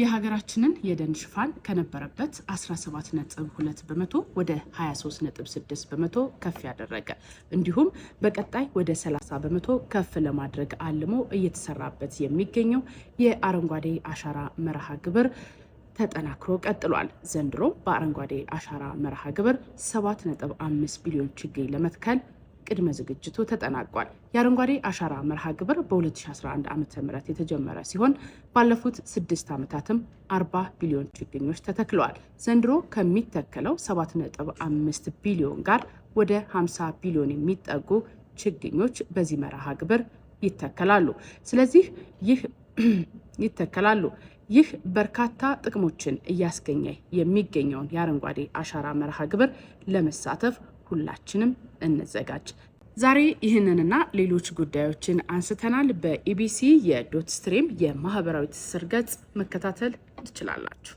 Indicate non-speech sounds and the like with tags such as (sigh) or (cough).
የሀገራችንን የደን ሽፋን ከነበረበት 17.2 በመቶ ወደ 23.6 በመቶ ከፍ ያደረገ እንዲሁም በቀጣይ ወደ 30 በመቶ ከፍ ለማድረግ አልሞ እየተሰራበት የሚገኘው የአረንጓዴ አሻራ መርሃ ግብር ተጠናክሮ ቀጥሏል። ዘንድሮ በአረንጓዴ አሻራ መርሃ ግብር 7.5 ቢሊዮን ችግኝ ለመትከል ቅድመ ዝግጅቱ ተጠናቋል። የአረንጓዴ አሻራ መርሃ ግብር በ2011 ዓ ም የተጀመረ ሲሆን ባለፉት ስድስት ዓመታትም 40 ቢሊዮን ችግኞች ተተክለዋል። ዘንድሮ ከሚተከለው 7.5 ቢሊዮን ጋር ወደ 50 ቢሊዮን የሚጠጉ ችግኞች በዚህ መርሃ ግብር ይተከላሉ። ስለዚህ ይህ (clears throat) ይተከላሉ ይህ በርካታ ጥቅሞችን እያስገኘ የሚገኘውን የአረንጓዴ አሻራ መርሃ ግብር ለመሳተፍ ሁላችንም እንዘጋጅ። ዛሬ ይህንንና ሌሎች ጉዳዮችን አንስተናል። በኢቢሲ የዶት ስትሪም የማህበራዊ ትስስር ገጽ መከታተል ትችላላችሁ።